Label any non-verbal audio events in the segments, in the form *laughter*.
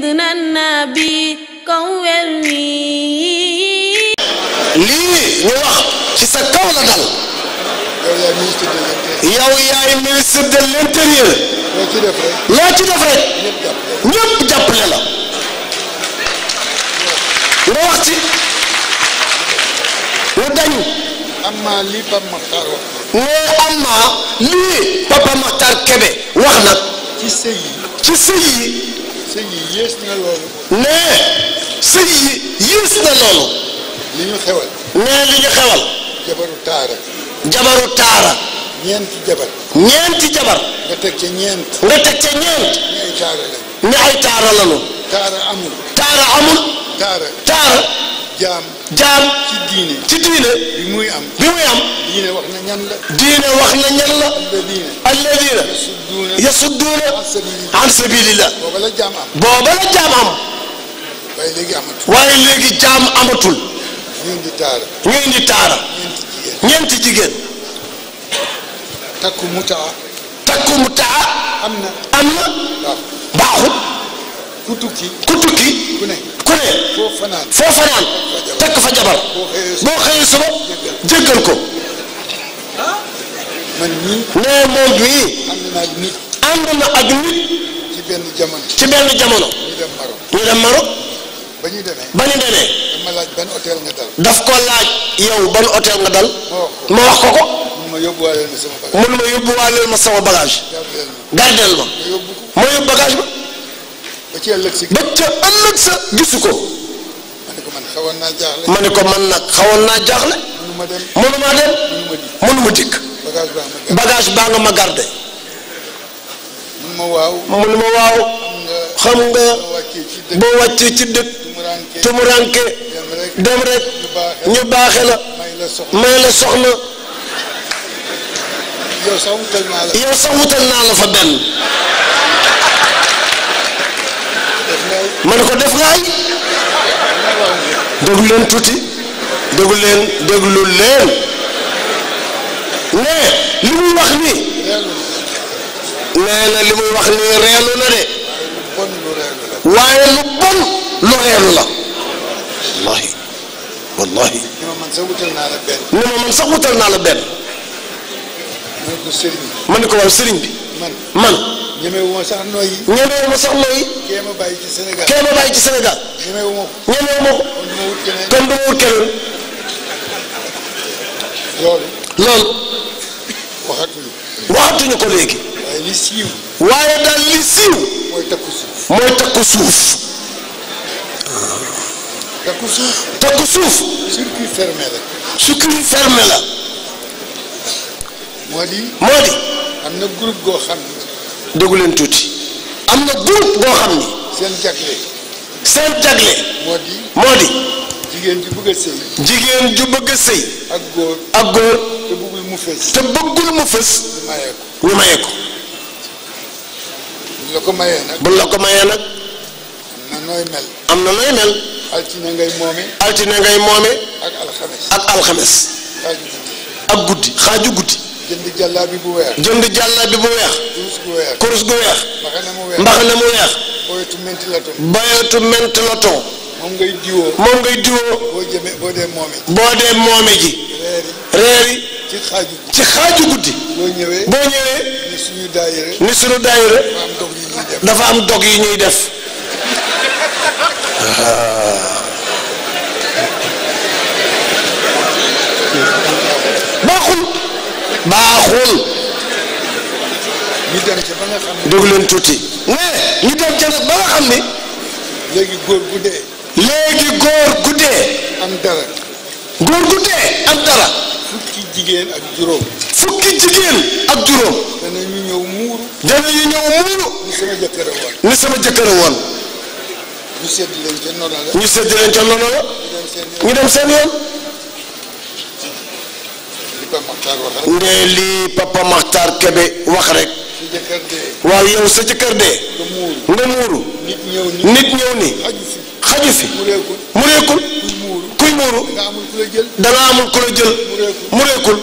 sayyidina nabi kaw weer wii lii wax ci sa kaw la dal yow yaay ministre de l'intérieur loo ci def rek ñëpp jàppale la nga wax amma lii Papa Makhtar wax wax nag ci sëy sëñ yi yées na loolu. nee sëñ yi na loolu. li ñu xewal. nee li ñu xewal. jabaru taara. jabaru taara. ñeenti jabar. ñeenti jabar. nga teg ca ñeent. nga teg ca taara lañu. taara lañu. taara amul. taara amul. taara. jaam jaam ci diine bi muy am bi muy am diine wax na ñan la diine wax na ñan la alladina sabilillah booba la jaam am booba la jaam am waaye léegi jaam amatul ñeenti taara ñeenti jigéen takku mutaa am na baaxut ku tukki ku ne foo fanaan takk fa jabar boo xëyee suba jéggal ko nee moom bii ànd na ak nit ci benn jamono ci benn jamono ñu dem Maroc ba ñu demee daf ko laaj yow ban hôtel nga dal ma wax ko ko mun ma yóbbuwaaleel ma sama bagage gardeel ma ma yóbbu bagage ba ba ca ëllëg sa gisu ko ma ne ko man nag xawoon naa jaaxle mënuma dem mënuma dikk bagage baa nga ma garde mënuma waaw xam nga boo wàccee ci dëkk tumuranke dem rek ñu baaxe la may la soxna yow sax wutal naa la fa benn ma ne ko def nga añ déglu leen tuuti déglu leen déglu leen li muy wax ni nee na li muy wax ni reelu la de waaye lu bon lu reelu la wallahi wallahi ni ma man sax wutal naa la benn ma ne ko waaw sëriñ bi man ñemewu ma sax nooyi. ñemewu ma sax ci Sénégal kee ko ñemewu ma ko. kon waaye daal li siiw. mooy takku suuf. mooy suuf. takku suuf. takku la. moo di. moo di. am na groupe déggu leen tuuti am na groupe boo xam ni. seen jagle. seen jagle. moo di moo di. jigéen ju bëgg sëy. jigéen ju bëgg sëy. ak góor ak góor. te bëggul mu fës. ñu maye ko. buñ la ko mayee nag. ko mayee nag. am na nooy mel. am na nooy mel. altine ngay moome. altine ngay moome. ak alxames. ak guddi xaaju guddi. jënd jàllaabi bu weex. jënd jàllaabi bu weex. kurus gu weex. kurus mbaxana mu weex. boyatu mentilato. moom ngay diwoo. moom ngay boo dee moome ji. boo dee moome ji. reer yi. ci xaaju guddi. ci xaaju guddi. boo ñëwee. ni suñu daayire. ni dafa am dog yi ñuy dafa am dog yi ñuy def. *laughs* baaxul dégg leen tuuti ne ñu dem ca nag ba nga xam ni léegi góor gu góor gu dee am dara góor gu dee am fukki jigéen ak juróom fukki jigéen ak juróom danañu ñëw muuru danañu ñëw muuru ni sama jëkkër a woon sama jëkkër a woon ñu sedd leen ca nono la ñu sedd ñu dem seen yoon ndee lii papa Maxtaar Kebe wax rek waaw yow sa jëkkër dee nga muuru nit ñëw ni xaju fi mureekul kuy muuru danga amul ku la jël mureekul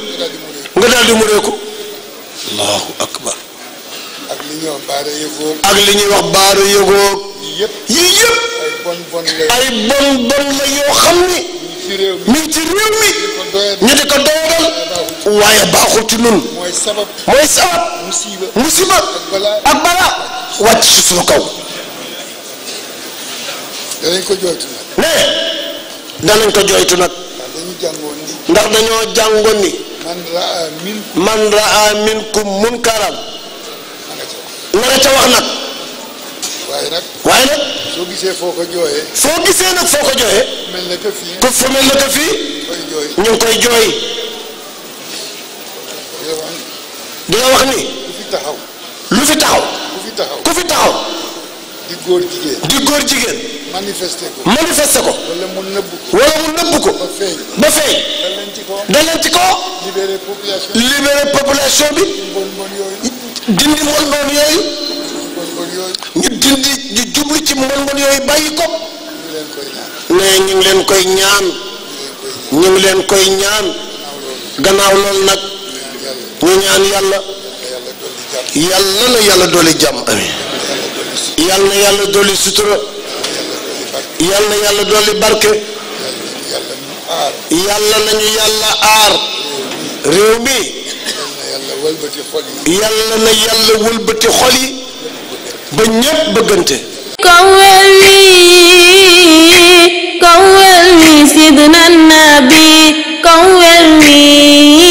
nga daldi mureeku allahu akbar ak li ñuy wax ak li ñuy wax baara yëgoo yii yëpp ay bon bon la yoo xam ni mi ci réew mi ñu di ko doodal waaye baaxul ci nun mooy sabab musiba ak balaa wàcc ci suñu kaw ko jooytu nag ne danañ ko jooytu nag ndax dañoo jàngoon ni man raa minkum munkaran na nga ca wax nag waaye nag. waaye nag. soo gisee foo ko jooyee. soo gisee nag foo ko joxe mel na que fii. ku fa mel na que fii. ñu koy joxe di wax ni. lu fi taxaw. lu fi taxaw. ku fi taxaw ku fi taxaw. di góor jigéen. di góor jigéen. manifester ko. manifester ko. wala mu nëbb ko. wala mu nëbb ko. ba feeñ. ci koo. dal leen ci koo. libérer population. libérer population bi. dindi mbon mbon yooyu. ñu dindi ñu jublu ci mbon mbon yooyu bàyyi ko mais ñu ngi leen koy ñaan ñu leen koy ñaan gannaaw loolu nag ñu ñaan yàlla yàlla na yàlla dooli jàmm yàlla na yàlla dooli sutura yàlla yàlla dooli barke yàlla nañu yàlla aar réew mi yàlla na yàlla wëlbati xol yi ba ñépp bëggante kawwal wi kawwal wi sidna nabi kawwal wi